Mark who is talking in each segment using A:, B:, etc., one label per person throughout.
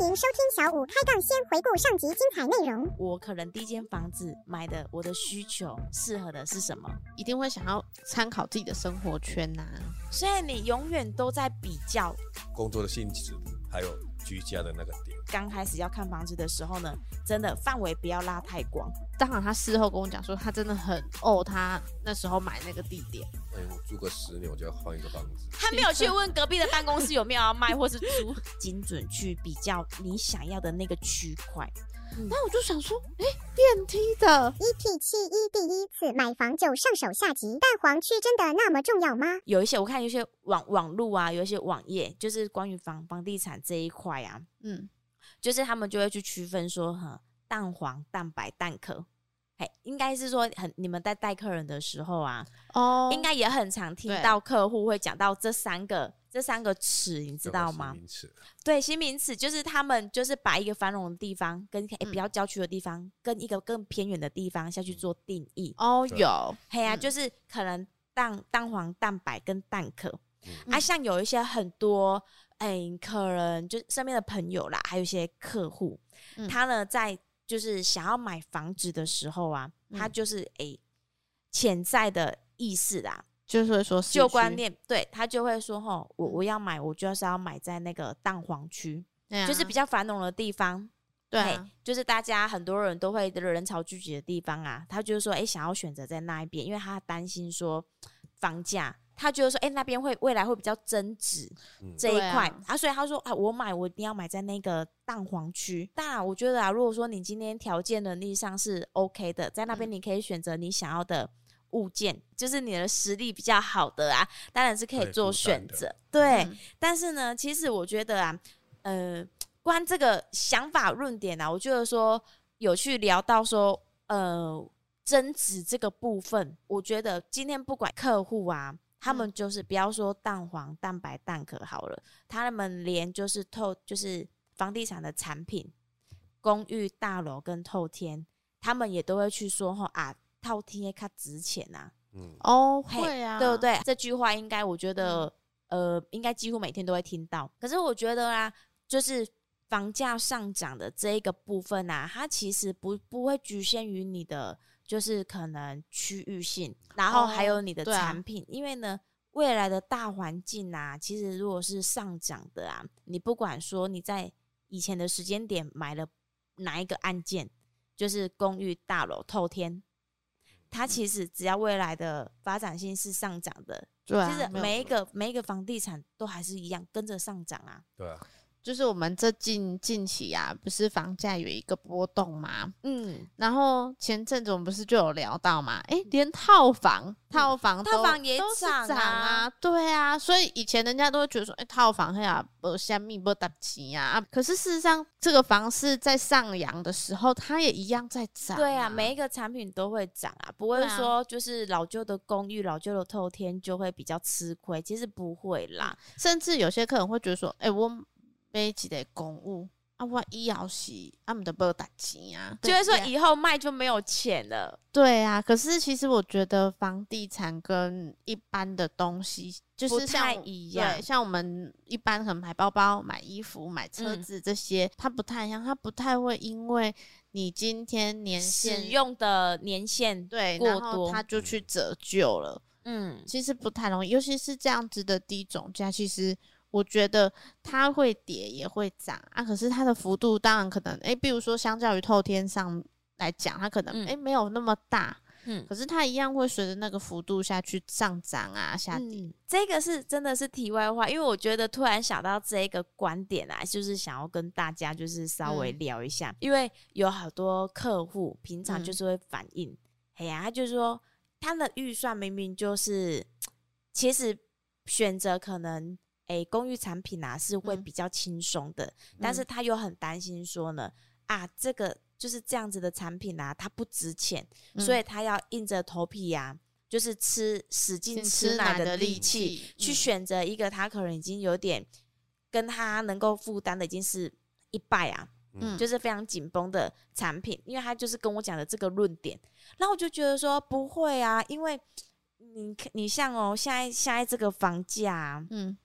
A: 歡迎收聽小武開槓，先回顧上集精彩內容。
B: 我可能第一間房子買的，我的需求適合的是什麼，
A: 一定會想要參考自己的生活圈啊，
B: 所以你永遠都在比較
A: 工作的性質，還有。居家的那
B: 個點，剛開始要看房子的時候呢，真的範圍不要拉太廣。當然，他事後跟我講說，他真的很哦，他那時候買那個地點，哎，我租個十年我就要換一個房子。他沒有去問隔壁的辦公室有沒有要賣或是租， 精準去比較你想要的那個區塊。嗯、那我就想說，哎，欸，電梯的。EP71 第一次買房就上手下集，蛋黃區真的那麼重要嗎？有一些我看有一些網網路啊，有一些網頁就是關於房房地產這一塊啊，嗯，就是他們就會去區分說，哈，蛋黃、蛋白、蛋殼，哎，應該是說很你們在帶客人的時候啊，哦，應該也很常聽到客戶會講到這三個。這三個詞，你知道嗎？名詞，對，新名詞，就是他們就是把一個繁榮的地方跟誒、欸、比較郊區的地方跟一個更偏遠的地方下去做定義、嗯、哦，有，嘿啊，就是可能蛋、嗯、蛋黃、蛋白跟蛋殼、嗯、啊，像有一些很多誒、欸，可能就身邊的朋友啦，還有一些客戶、嗯，他呢在就是想要買房子的時候啊，他就是誒潛、嗯欸、在的意思啦。就是會說舊觀念，對，他就會說：吼，我我要買，我就是要買在那個蛋黃區，啊、就是比較繁榮的地方。對、啊，就是大家很多人都會人潮聚集的地方啊。他就是說，哎、欸，想要選擇在那一邊，因為他擔心說房價，他就是說，哎、欸，那邊會未來會比較增值這一塊啊，啊。所以他就說，啊，我買，我一定要買在那個蛋黃區。但、啊、我覺得啊，如果說你今天條件能力上是 OK 的，在那邊你可以選擇你想要的。物件就是你的實力比較好的啊，當然是可以做選擇，對、嗯。但是呢，其實我覺得啊，呃，關這個想法論點啊，我覺得說有去聊到說，呃，增值這個部分，我覺得今天不管客戶啊，他們就是不要說蛋黃、蛋白、蛋殼好了，嗯，他們連就是透就是房地產的產品，公寓大樓跟透天，他們也都會去說吼，啊。透天卡值錢
A: 吶，
B: 嗯，哦，hey, 會、啊、對不對？這句話應該，我覺得、嗯，呃，應該幾乎每天都會聽到。可是我覺得啊，就是房價上漲的這一個部分啊，它其實不不會局限於你的，就是可能區域性，然後還有你的產品、哦嗯啊，因為呢，未來的大環境啊，其實如果是上漲的啊，你不管說你在以前的時間點買了哪一個案件，就是公寓大樓、透天。它其實只要未來的發展性是上漲的。對啊，其實就是每一個每一個房地產都還是一樣跟着上漲啊。
A: 對啊就是我們這近近期啊，不是房價有一個波動嗎？嗯，然後前陣子我們不是就有聊到嘛？誒、欸、連套房、嗯、套房都、套房也漲啊，啊！對啊，所以以前人家都會覺得說，哎、欸，套房呀呃、啊，香蜜不打錢呀。可是事實上，這個房市在上揚的時候，它也一樣在漲、啊。對
B: 啊，每一個產品都會漲啊，不會說就是老舊的公寓、老舊的透天就會比較吃虧。其實不會啦、嗯，
A: 甚至有些客人會覺得說，哎、欸，我。被幾的公務啊醫，醫藥是阿姆
B: 的不打錢啊，就是說以後賣就沒有錢了。
A: 對啊，可是其實我覺得房地產跟一般的東西就是像一樣，像我們一般可能買包包、買衣服、買車子這些、嗯，它不太一樣，它不太會因為你今天年限使
B: 用的年限對過多，然後它就去折舊了。
A: 嗯，其實不太容易，尤其是這樣子的低總價，其實。我覺得它會跌也會漲啊，可是它的幅度當然可能，誒，比如說相較於透天上來講，它可能哎、嗯、沒有那麼
B: 大，嗯，可是它一樣會隨着那個幅度下去上漲、漲啊，下跌、嗯。這個是真的是題外話，因為我覺得突然想到這一個觀點啊，就是想要跟大家就是稍微聊一下，嗯、因為有好多客戶平常就是會反映，哎、嗯、呀、啊，他就是說他的預算明明就是其實選擇可能。誒、欸，公寓產品啊，是會比較輕鬆的，嗯，但是他又很擔心說呢、嗯，啊，這個就是這樣子的產品啊，它不值錢，嗯、所以他要硬着頭皮呀、啊，就是吃使勁吃奶的力氣、嗯，去選擇一個他可能已經有點跟他能夠負擔的已經是一半啊，嗯，就是非常緊繃的產品，因為他就是跟我講的這個論點，那我就覺得說不會啊，因為你你像哦、喔，現在現在這個房價、啊，嗯。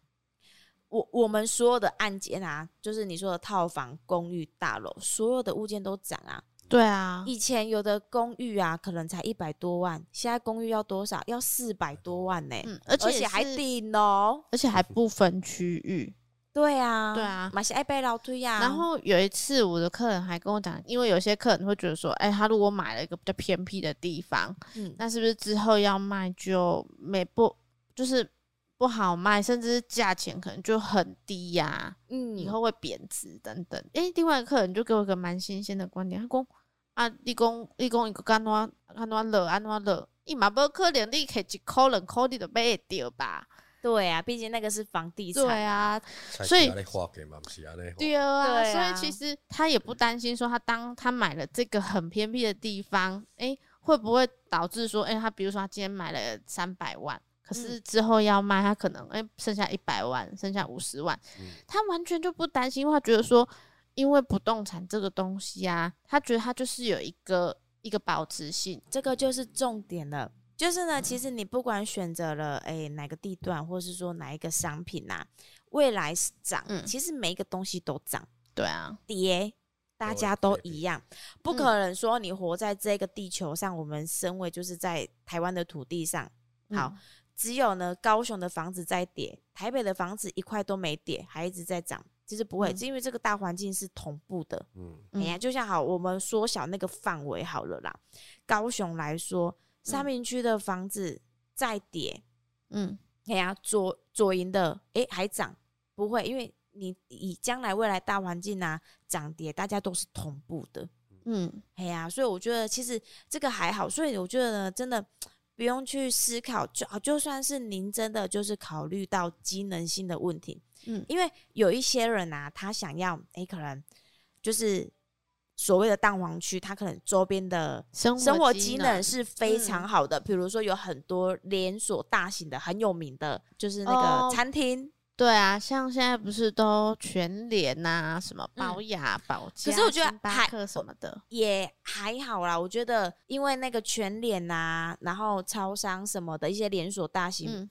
B: 我我們所有的案件啊，就是你說的套房、公寓、大樓，所有的物件都漲啊。對啊，以前有的公寓啊，可能才一百多萬，現在公寓要多少？要四百多萬呢、欸嗯，而且還頂樓，
A: 而且還不分區域。對
B: 啊，對啊，也是愛背樓梯呀。然後
A: 有一次，我的客人還跟我講，因為有些客人會覺得說，哎、欸，他如果買了一個比較偏僻的地方，嗯、那是不是之後要賣就沒不就是？不好賣，甚至是價錢可能就很低呀、啊，嗯，以後會貶值等等。誒、嗯欸，另外一個客人就給我一個蠻新鮮的觀點，他講啊，你講你講一個干哪干哪熱，干哪熱，伊嘛不可能，你肯一可能，可能就被掉吧？
B: 對呀、啊，畢竟那個是房地產啊，啊所以掉啊。所以其
A: 實他也不擔心說，他當他買了這個很偏僻的地方，哎、欸，會不會導致說，哎、欸，他比如說他今天買了三百萬？可是之後要賣，他可能誒、欸、剩下一百萬，剩下五十萬、嗯，他完全就不擔心，他覺得說，因為不動產這個東西
B: 啊，他覺得他就是有一個一個保值性，這個就是重點了。就是呢，嗯、其實你不管選擇了誒、欸、哪個地段，或是說哪一個商品啊，未來是漲、嗯，其實每一個東西都漲，對啊，跌大家都一樣，不可能說你活在這個地球上，我們身為就是在台灣的土地上，嗯、好。只有呢，高雄的房子在跌，台北的房子一塊都沒跌，還一直在漲。其實不會，是、嗯、因為這個大環境是同步的。嗯，哎呀、啊，就像好，我們縮小那個範圍好了啦。高雄來說，三民區的房子在跌，嗯，哎呀、啊，左左營的哎、欸、還漲，不會，因為你以將來未來大環境啊漲跌，大家都是同步的。嗯，哎呀、啊，所以我覺得其實這個還好，所以我覺得呢，真的。不用去思考，就就算是您真的就是考慮到機能性的問題，嗯，因為有一些人啊，他想要，哎、欸，可能就是所謂的蛋黃區，他可能周邊的生生活機能是非常好的、嗯，比如說有很多連鎖大型的、很有名的，就是那個餐廳。
A: 哦。對啊，像現在不是都全聯啊，什麼寶雅，嗯、寶家我覺得，星巴克什麼的
B: 我，也還好啦。我覺得，因為那個全聯啊，然後超商什麼的一些連鎖大型，嗯，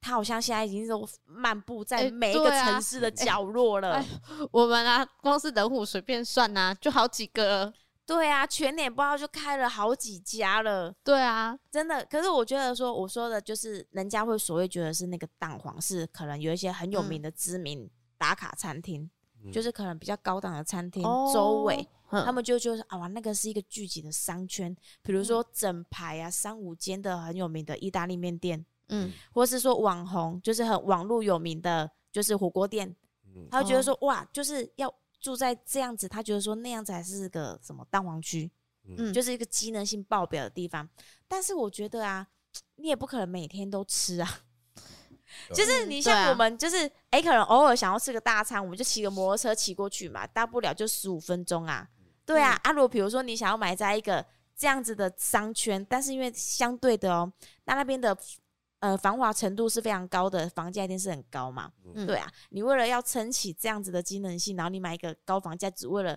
B: 它好像現在已經都漫步在每一個城市的角落了，欸啊欸。我們啊，光是仁武隨便算吶，啊，就好幾個。對啊，全年不知道就開了好幾家了。對啊，真的。可是我覺得說，我說的就是，人家會所謂覺得是那個蛋黃是可能有一些很有名的知名打卡餐廳、嗯，就是可能比較高檔的餐廳、哦、周圍，他們就就是啊，哇，那個是一個聚集的商圈，比如說整排啊、嗯、三五間的很有名的意大利面店，嗯，或是說網紅，就是很網絡有名的，就是火鍋店，嗯、他就覺得說哇，就是要。住在這樣子，他覺得說那樣子還是個什麼蛋黃區，嗯，就是一個機能性爆表的地方。但是我覺得啊，你也不可能每天都吃啊。嗯、 就是你像我們，就是哎、啊欸，可能偶爾想要吃個大餐，我們就騎個摩托車騎過去嘛，大不了就十五分鐘啊。對啊，阿、嗯、羅，啊、如果比如說你想要買在一個這樣子的商圈，但是因為相對的哦、喔，那那邊的。呃，繁華程度是非常高的，房價一定是很高嘛。嗯，對啊，你為了要撐起這樣子的機能性，然後你買一個高房價，只為了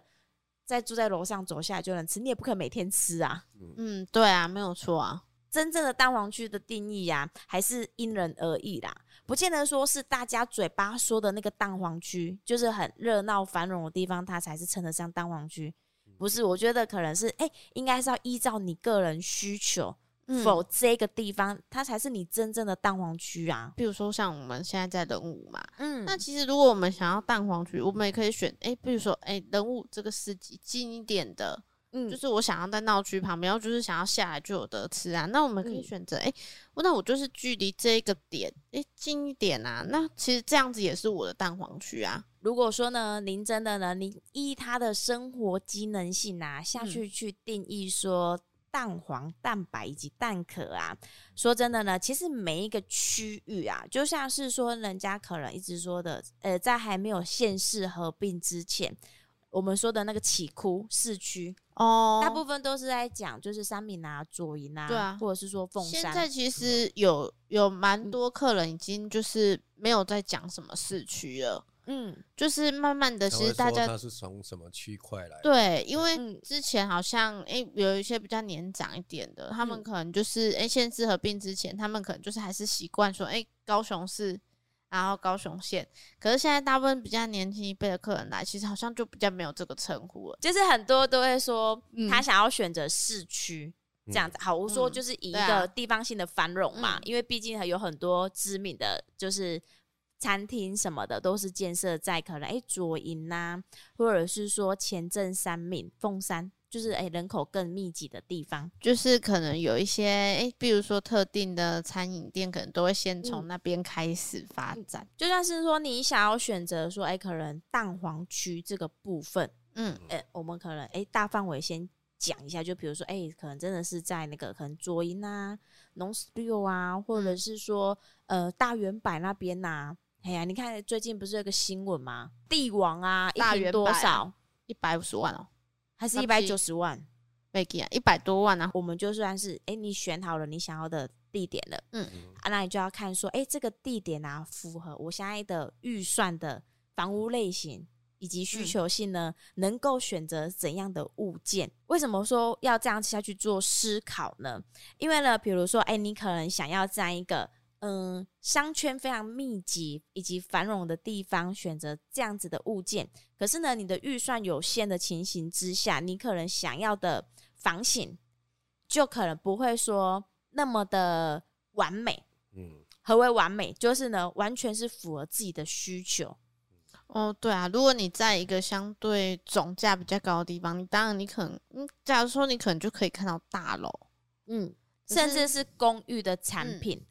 B: 在住在樓上走下來就能吃，你也不可能每天吃啊。嗯，對啊，沒有錯啊。真正的蛋黃區的定義呀、啊，還是因人而異啦，不見得說是大家嘴巴說的那個蛋黃區，就是很熱鬧繁榮的地方，它才是稱得上蛋黃區。不是，我覺得可能是誒、欸，應該是要依照你個人需求。否、嗯，這個地方，它才是你真正的蛋黃區啊。比如說，像我們現在在仁武嘛，嗯，
A: 那其實如果我們想要蛋黃區，我們也可以選誒、欸。比如說誒、欸，仁武這個市集近一點的、嗯，就是我想要在鬧區旁邊，我就是想要下來就有得吃啊。那我們可以選擇誒、嗯欸，那我就是距離這個點誒、欸，近
B: 一點啊。那其實這樣子也是我的蛋黃區啊。如果說呢，您真的呢，您依他的生活機能性啊下去去定義說。嗯蛋黃、蛋白以及蛋殼啊，說真的呢，其實每一個區域啊，就像是說人家可能一直說的，呃，在還沒有縣市合併之前，我們說的那個奇窟市區哦，大部分都是在講就是三民啊、左營啊，對啊，或者是說鳳山。現在其實
A: 有有蠻多客人已經就是沒有在講什麼市區了。嗯，就是慢慢的，其實大家是從什麼區塊來？對，因為之前好像哎、欸，有一些比較年長一點的，嗯、他們可能就是哎、欸，縣市合併之前，他們可能就是還是習慣說哎、欸，高雄市，然後高雄縣。可是現在大部分比較年輕一輩的客人來，其實好像就比較沒有這個稱呼了。就
B: 是很多都會說他想要選擇市區這樣子，好說，就是以一個地方性的繁榮嘛。因為畢竟還有很多知名的就是。餐廳什麼的都是建設在可能哎、欸、左營啊，或者是說前鎮、三民、鳳山，就是哎、欸、人口更密集的地方，就是
A: 可能有一些哎，比、欸、如說特定的餐飲店，可能都會先從那邊開始發展、嗯嗯。
B: 就像是說你想要選擇說哎、欸，可能蛋黃區這個部分，嗯，哎、欸，我們可能哎、欸、大範圍先講一下，就比如說哎、欸，可能真的是在那個可能左營啊、農十六啊，或者是說、嗯、呃大遠百那邊吶、啊。哎呀，你看最近不是有一個新聞嗎？帝王啊，一坪多少？一百五十萬哦，還是一百九十萬？對呀、啊，一百多萬啊。我們就算是哎、欸，你選好了你想要的地點了，嗯，啊，那你就要看說，哎、欸，這個地點啊，符合我現在的預算的房屋類型以及需求性呢，嗯、能夠選擇怎樣的物件？為什麼說要這樣下去做思考呢？因為呢，比如說，哎、欸，你可能想要這樣一個。嗯，商圈非常密集以及繁榮的地方，選擇這樣子的物件。可是呢，你的預算有限的情形之下，你可能想要的房型，就可能不會說那麼的完美。嗯，何為完美？就是呢，完全是符合自己的需求。
A: 哦，對啊，如果你在一個相對總價比較高的地方，你當然你可能，嗯，假如說你可能就可以看到大樓，嗯，甚至是
B: 公寓的產品。嗯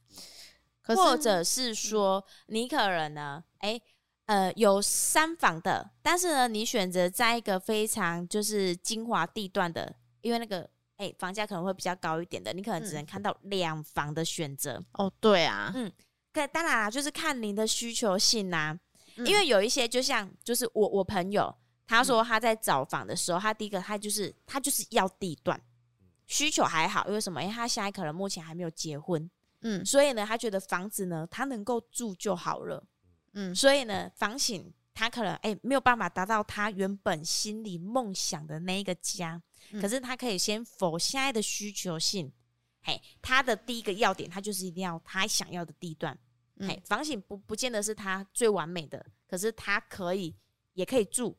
B: 或者是說你可能呢，誒、欸、呃，有三房的，但是呢，你選擇在一個非常就是精華地段的，因為那個誒、欸，房價可能會比較高一點的，你可能只能看到兩房的選擇、嗯。哦，對啊，嗯，可當然啦，就是看您的需求性吶、啊嗯，因為有一些就像就是我我朋友他說他在找房的時候，嗯、他第一個他就是他就是要地段，需求還好，因為什麼？因為、欸、他現在可能目前還沒有結婚。嗯，所以呢，他覺得房子呢，他能夠住就好了。嗯，所以呢，房型，他可能哎、欸、沒有辦法達到他原本心裡夢想的那一個家，嗯、可是他可以先符現在的需求性。哎，他的第一個要點，他就是一定要他想要的地段。哎、嗯，房型不不見得是他最完美的，可是他可以也可以住。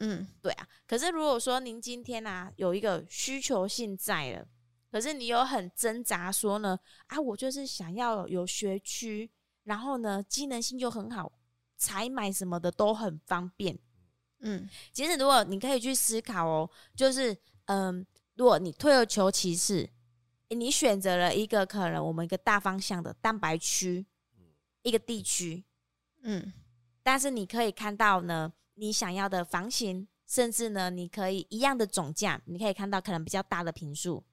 B: 嗯，對啊。可是如果說您今天啊，有一個需求性在了。可是你有很掙扎，說呢，啊，我就是想要有學區，然後呢，機能性就很好，採買什麼的都很方便。嗯，其實如果你可以去思考哦，就是，嗯，如果你退而求其次，你選擇了一個可能我們一個大方向的蛋白區，一個地區，嗯，但是你可以看到呢，你想要的房型，甚至呢，你可以一樣的總價，你可以看到可能比較大的坪數。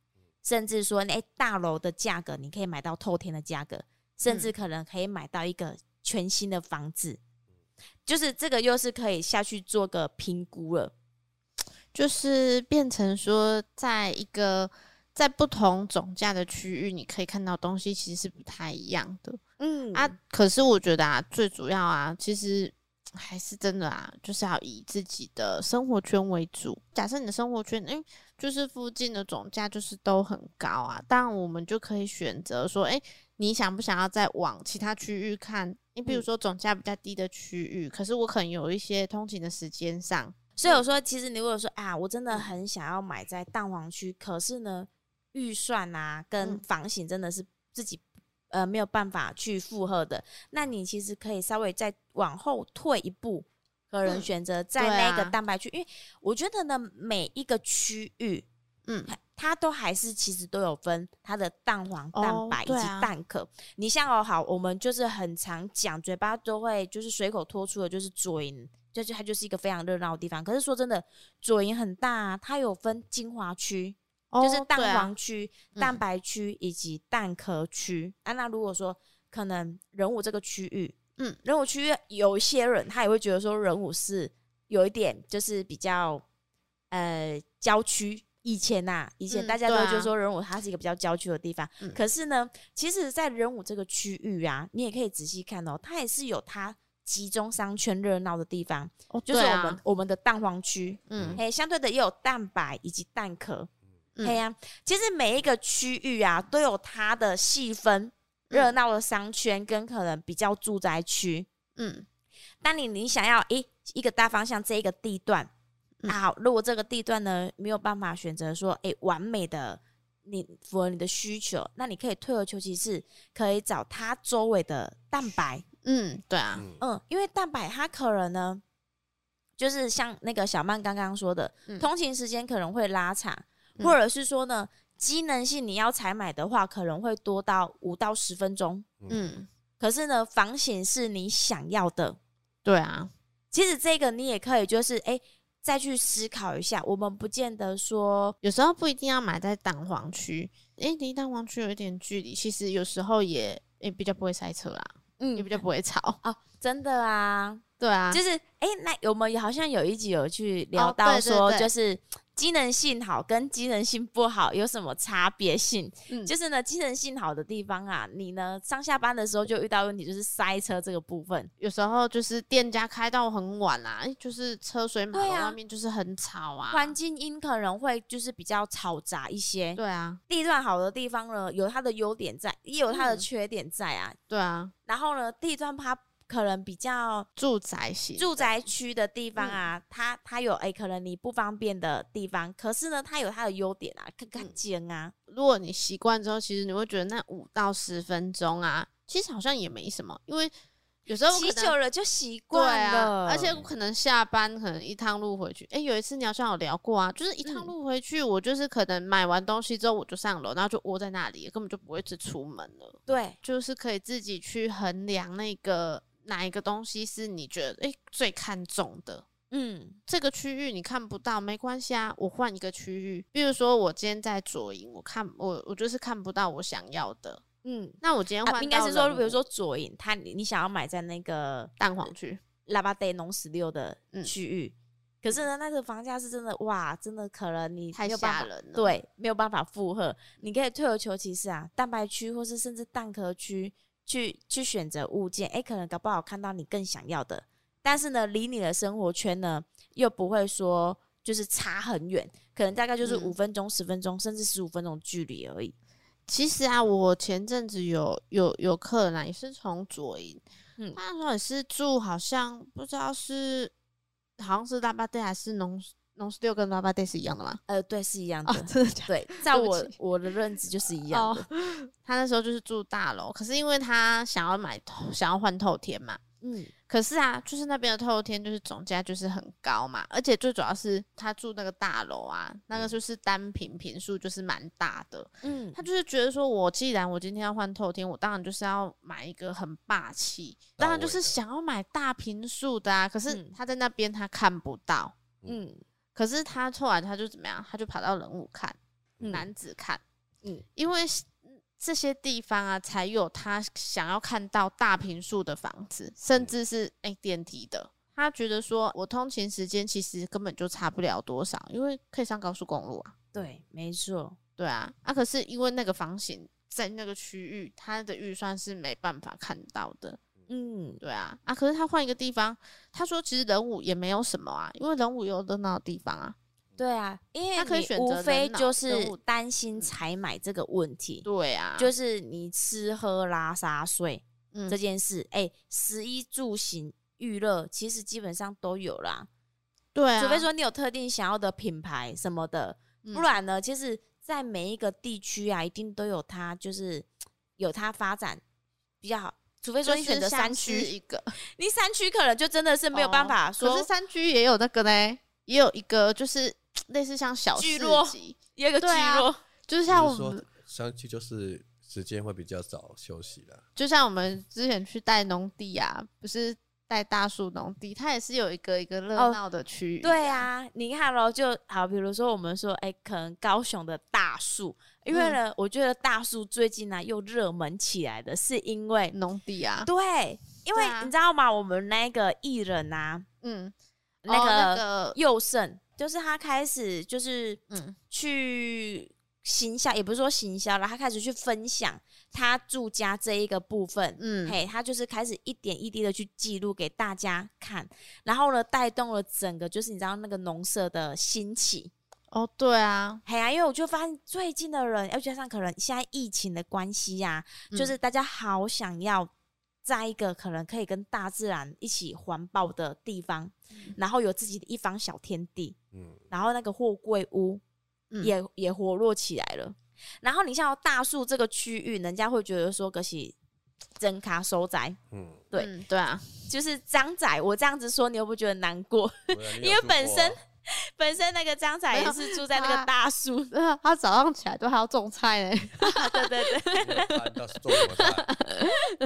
B: 甚至說，那、欸、大樓的價格你可以買到透天的價格，甚至可能可以買到一個全新的房子，嗯、就是這個又是可以下去做個評估了。
A: 就是變成說，在一個在不同總價的區域，你可以看到東西其實是不太一樣的。嗯啊，可是我覺得啊，最主要啊，其實還是真的啊，就是要以自己的生活圈為主。假設你的生活圈，因、欸、為。就是附近的總價就是都很高啊，但我們就可以選擇說，哎、欸，你想不想要再往其他區域看？你比如說總價比較低的區域，嗯，可是我可能有一些通勤的時間上，所以我
B: 說，其實你如果說，啊，我真的很想要買在蛋黃區，可是呢，預算啊跟房型真的是自己呃沒有辦法去負荷的，那你其實可以稍微再往後退一步。個人選擇在那個蛋白區，因為我覺得呢，每一個區域，嗯，它都還是其實都有分它的蛋黃、蛋白以及蛋殼。你像哦，好，我們就是很常講嘴巴都會就是隨口脫出的，就是左營，就是它就是一個非常熱鬧的地方。可是說真的，左營很大啊，它有分精華區，就是蛋黃區、蛋白區以及蛋殼區。啊，那如果說可能仁武這個區域。嗯，仁武區有一些人，他也會覺得說仁武是有一點就是比較呃郊區。以前吶、啊，以前大家都會覺得說仁武它是一個比較郊區的地方。可是呢，其實，在仁武這個區域啊，你也可以仔細看哦，它也是有它集中商圈熱鬧的地方，就是我們我們的蛋黃區，嗯，哎，相對的也有蛋白以及蛋殼，哎呀，其實每一個區域啊都有它的細分。熱、嗯、鬧的商圈跟可能比較住宅區，嗯，但你你想要誒、欸、一個大方向這一個地段，嗯、好，如果這個地段呢沒有辦法選擇說誒、欸、完美的，你符合你的需求，那你可以退而求其次，可以找它周圍的蛋白，嗯，對啊，嗯，因為蛋白它可能呢，就是像那個小曼剛剛說的、嗯，通勤時間可能會拉長、嗯，或者是說呢。機能性你要採買的話，可能會多到五到十分鐘。嗯，可是呢，房型是你想要的。對啊，其實這個你也可以，就是哎、欸，再去思考一下。我們不見得說，有時候不一定要買在蛋黃區，
A: 誒、欸，離蛋黃區有一點距離，其實有時候也也、欸、比較不會塞車啦。嗯，也比較不會
B: 吵。哦，真的啊，對啊，就是哎、欸，那我們好像有一集有去聊到說，哦、對對對對就是。機能性好跟機能性不好有什麼差別性，嗯？就是呢，機能性好的地方啊，你呢上下班的時候就遇到問題，就是塞車這個部分，有時候就是店家開到很晚啊，就是車水馬龍外面就是很吵啊，環、啊、境音可能會就是比較嘈雜一些。對啊，地段好的地方呢，有它的優點在，也有它的缺點在啊。嗯、對啊，然後呢，地段它。可能比較住宅型、住宅區的地方啊，嗯、它它有哎、欸，可能你不方便的地方，可是呢，它有它的優點啊，乾淨啊、嗯。如果你
A: 習慣之後，其實你會覺得那五到十分鐘啊，其實好像也沒什麼，因為有時候騎久了就習慣啊。而且可能下班可能一趟路回去，哎、欸，有一次你好像有聊過啊，就是一趟路回去，嗯、我就是可能買完東西之後我就上樓，然後就窩在那裡，根本就不會去出門了。對，就是可以自己去衡量那個。哪一個東西是你覺得誒、欸、最看重的？
B: 嗯，
A: 這個區域你看不到沒關係啊，我換一個區域。比如說我今天在左營，我看我我就是看不到我想要的。嗯，那我今天換、啊、應該是說，比如
B: 說左營，他你想要買在那個蛋黃區、喇叭德農十六的區域、嗯，可是呢，那個房價是真的哇，真的可能你太嚇人了。對，沒有辦法負荷。你可以退而求其次啊，蛋白區或是甚至蛋殼區。去去選擇物件，誒、欸，可能搞不好看到你更想要的，但是呢，離你的生活圈呢又不會說就是差很遠，可能大概就是五分鐘、十分鐘、嗯、，甚至十五分鐘距離而已。
A: 其實啊，我前陣子有有有客人也是從左營。嗯，他說也是住，好像不知道是好像是大巴店還是農。農 s t i 跟 l a v Day 是一樣的嗎？呃，對，是一樣的。哦、對， 對，在我我的認知就是一樣、哦、他那時候就是住大樓，可是因為他想要買，想要換透天嘛。嗯。可是啊，就是那邊的透天就是總價就是很高嘛，而且最主要是他住那個大樓啊，那個就是單坪坪數就是蠻大的。嗯。他就是覺得說，我既然我今天要換透天，我當然就是要買一個很霸氣，當然就是想要買大坪數的啊。可是他在那邊他看不到。嗯。嗯可是他抽完他就怎麼樣？他就跑到仁武看，嗯、楠梓看，嗯，因為這些地方啊才有他想要看到大坪數的房子，甚至是誒、欸、電梯的。他覺得說，我通勤時間其實根本就差不了多少，因為可以上高速公路啊。對，沒錯，對啊，啊，可是因為那個房型在那個區域，他的預算是沒辦法看到的。嗯，對啊，啊，可是他換一個地方，他說其實仁武也沒有什麼啊，因為仁武有仁武的那地
B: 方啊。對啊，因為他可以選擇。無非就是擔心採買這個問題、嗯。對啊，就是你吃喝拉撒睡、嗯、這件事，哎、欸，食衣住行娛樂其實基本上都有啦。對、啊，除非說你有特定想要的品牌什麼的，不然呢，嗯、其實在每一個地區啊，一定都有它，就是有它發展比較好。除非說你選擇山區、就是、一個，你山區可能就真的是沒有辦法說、哦。可是山區也有那個呢，也有一
A: 個就是類似像小聚落
B: 一也有一個聚落、啊、
A: 就是像我們說山區就是時間會比較早休息的。就像我們之前去帶農地啊，不是帶大樹農地，它也是有一個一個熱鬧的區域、啊哦。對啊，
B: 你看咯，就好，比如說我們說，哎、欸，可能高雄的大樹，因為呢、嗯，我覺得大樹最近呢、啊、又熱門起來的，是因為農地啊。對，因為你知道嗎？我們那個藝人啊，嗯，那個那個宥勝，就是他開始就是嗯去行銷、嗯，也不是說行銷了，他開始去分享他住家這一個部分，嗯，嘿、hey,，他就是開始一點一滴的去記錄給大家看，然後呢，帶動了整個就是你知道那個農舍的興起。哦、oh, 啊，對啊，哎呀，因為我就發現最近的人，再加上可能現在疫情的關係呀、啊嗯，就是大家好想要在一個可能可以跟大自然一起環保的地方、嗯，然後有自己的一方小天地，嗯，然後那個貨櫃屋、嗯、也也活絡起來了、嗯。然後你像大樹這個區域，人家會覺得說可惜真卡收窄，嗯，對嗯對啊，就是張仔，我這樣子說你又不覺得難過，嗯、 因為本身。嗯嗯本身那個張彩雲是住在那個大
A: 樹，他早上起來都還要種菜呢、欸
B: 啊。對對對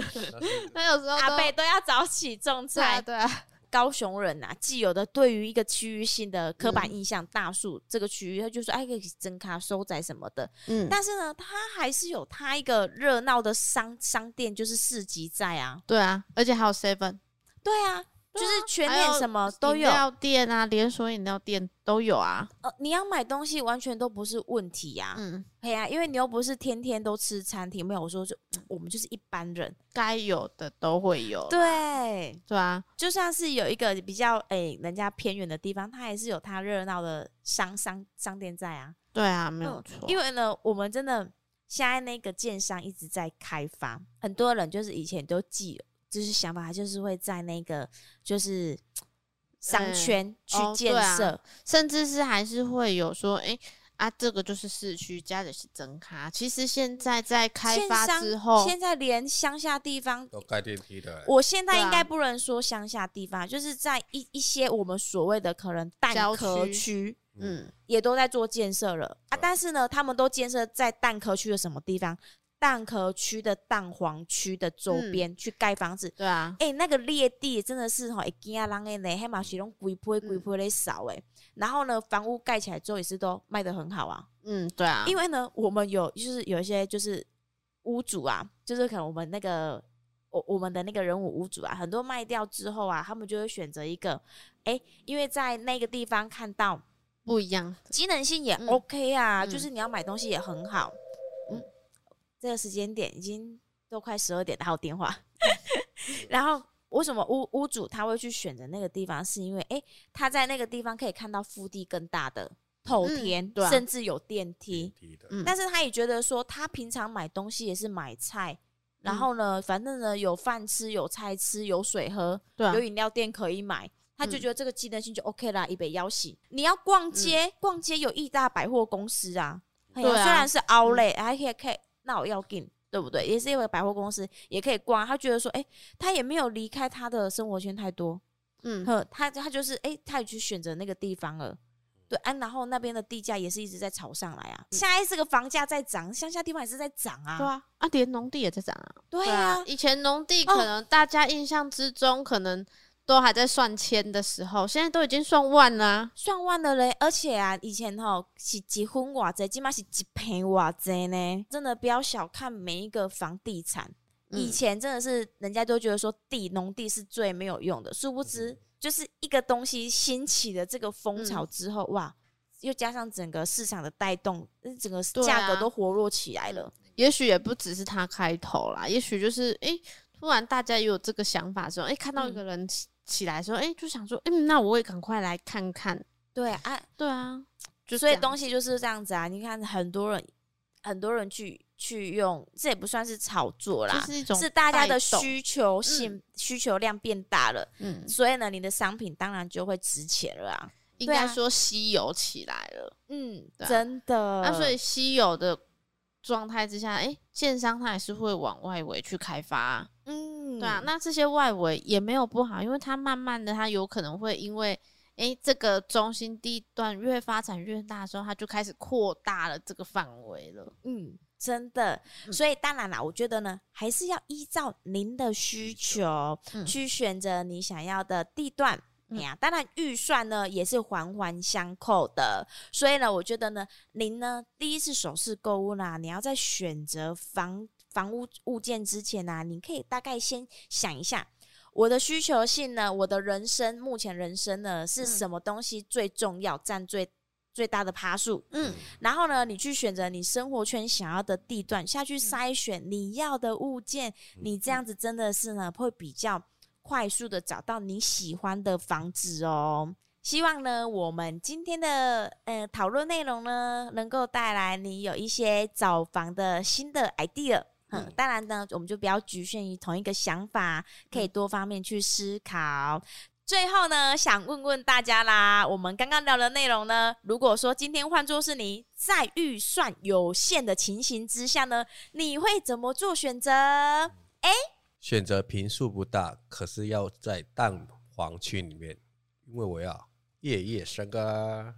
B: 他有時候阿伯都要早起種菜。對、啊，啊、高雄人吶、啊，既有的對於一個區域性的刻板印象大樹，大、嗯、樹這個區域，他就說哎可以增卡收窄什麼的。嗯、但是呢，他還是有他一個熱鬧的商商店，就是市集在啊。
A: 對啊，而且還有 seven。對
B: 啊。啊、就是全年什麼都有，飲料
A: 店啊，連鎖飲料店都有啊。
B: 呃，你要買東西完全都不是問題呀、啊。嗯，對呀、啊，因為你又不是天天都吃餐廳，沒有說就是、我們就是一般人，該有的都會有。對，對啊，就算是有一個比較誒、欸，人家偏遠的地方，它還是有它熱鬧的商商商店在啊。對啊，沒有錯、嗯。因為呢，我們真的現在那個建商一直在開發，很多人就是以前都記。就是想法，就是會在那個就是
A: 商圈去建設，甚至是還是會有說、欸，哎啊，這個就是市區加的是增咖。其實現
B: 在在開發之後，現在連鄉下地方
A: 都蓋電梯的。我現
B: 在應該不能說鄉下地方，就是在一一些我們所謂的可能蛋殼區，嗯，也都在做建設了啊。但是呢，他們都建設在蛋殼區的什麼地方？蛋殼區的蛋黃區的周邊、嗯、去蓋房子，對啊，哎、欸，那個裂地真的是吼一驚啊，讓人哎，還馬是種鬼坡鬼坡的少誒。然後呢，房屋蓋起來之後也是都賣得很好啊，嗯，對啊，因為呢，我們有就是有一些就是屋主啊，就是可能我們那個我我們的那個人物屋主啊，很多賣掉之後啊，他們就會選擇一個哎、欸，因為在那個地方看到不一樣，機能性也 OK 啊、嗯，就是你要買東西也很好。這個時間點已經都快十二點，打我電話。 然後為什麼屋屋主他會去選擇那個地方？是因為誒、欸，他在那個地方可以看到腹地更大的、透天、嗯對啊，甚至有電梯、電梯、嗯。但是他也覺得說，他平常買東西也是買菜，嗯、然後呢，反正呢有飯吃、有菜吃、有水喝，啊、有飲料店可以買，他就覺得這個機能性就 OK 啦，一杯邀請，你要逛街，嗯、逛街有義大百貨公司啊，對，啊對啊，雖然是 outlet、嗯，還可以可以。那我要進，對不對？也是因為百貨公司也可以逛，他覺得說，哎、欸，他也沒有離開他的生活圈太多，嗯，呵他他就是，哎、欸，他也去選擇那個地方了，對，啊、然後那邊的地價也是一直在炒上來啊，嗯、現在這個房價在漲，鄉下地方也是在漲啊，對啊，
A: 啊，連農地也在漲啊，啊，對啊，以前農地可能大家印象之
B: 中可能。都還在算千的時候，現在都已經算萬了、啊。算萬的嘞。而且啊，以前吼是結婚哇賊，起碼是幾坪哇賊呢。真的不要小看每一個房地產，嗯、以前真的是人家都覺得說地、農地是最沒有用的。殊不知，就是一個東西興起的這個風潮之後、嗯，哇，又加上整個市場的帶動，整個價格都活絡起來了。
A: 啊嗯、也許也不只是他開頭啦，也許就是哎、欸，突然大家有這個想法說哎、欸，看到一個人。嗯起來說，哎、欸，就想說，嗯、欸，那我也趕快來看看，
B: 對啊，啊對啊，就所以東西就是這樣子啊。你看很多人，嗯、很多人去去用，這也不算是炒作啦，就是，一種是大家的需求性，嗯，需求量變大了，嗯，所以呢，你的商品當然就會值錢了啊，應該說稀有起來了，對啊，嗯，真的。那，啊啊、所以稀有的狀態之
A: 下，哎、欸，建商它也是會往外圍去開發，啊，嗯。對啊，那這些外圍也沒有不好，因為它慢慢的，它有可能會因為，誒、欸、這個中心地
B: 段越發展越大的時候，它就開始擴大了這個範圍了。嗯，真的、嗯。所以當然啦，我覺得呢，還是要依照您的需求去選擇你想要的地段。呀、嗯嗯，當然預算呢也是環環相扣的。所以呢，我覺得呢，您呢第一次首次購屋啦，你要在選擇房。房屋物件之前呢、啊，你可以大概先想一下我的需求性呢，我的人生目前人生呢是什麼東西最重要，佔最最大的趴數，嗯，嗯，然後呢，你去選擇你生活圈想要的地段，下去篩選你要的物件，嗯，你這樣子真的是呢，會比較快速的找到你喜歡的房子哦。希望呢，我們今天的呃討論內容呢，能夠帶來你有一些找房的新的 idea。嗯，嗯，當然呢，我們就不要局限於同一個想法，可以多方面去思考。嗯、最後呢，想問問大家啦，我們剛剛聊的內容呢，如果說今天換作是你，在預算有限的情形之下呢，你會怎麼做選擇？嗯、A
A: 選擇坪數不大，可是要在蛋黃區裡面，因為我要夜夜笙歌，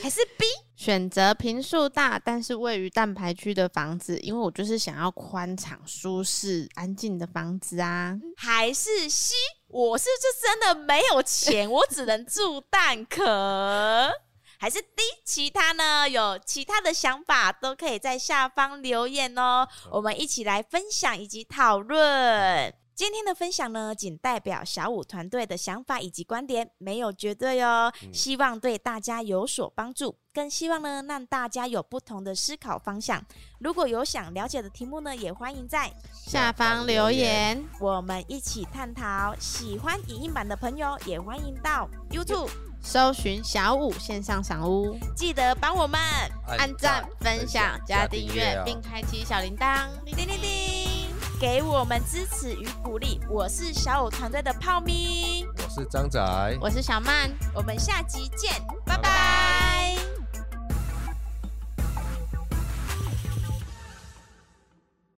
A: 還是 B。 選擇坪數大，但是位於蛋白區的房子，因為我就是想要寬敞、舒適、安靜的房子啊。
B: 還是 C？我是不是真的沒有錢，我只能住蛋殼。 還是 D？其他呢？有其他的想法都可以在下方留言哦，嗯、我們一起來分享以及討論。嗯今天的分享呢，僅代表小武團隊的想法以及觀點，沒有絕對哦。嗯、希望對大家有所幫助，更希望呢讓大家有不同的思考方向。如果有想了解的題目呢，也歡迎在下方留言，留言我們一起探討。喜歡影音版的朋友，也歡迎到
A: YouTube 搜尋小武線上賞屋，
B: 記得幫我們按讚,讚、分享、加訂閱，並開啟小鈴鐺，叮叮叮,叮,叮。給我們支持與鼓勵。我是小武團隊的泡咪，我是張仔，我是小曼。我們下集見，拜拜。Bye bye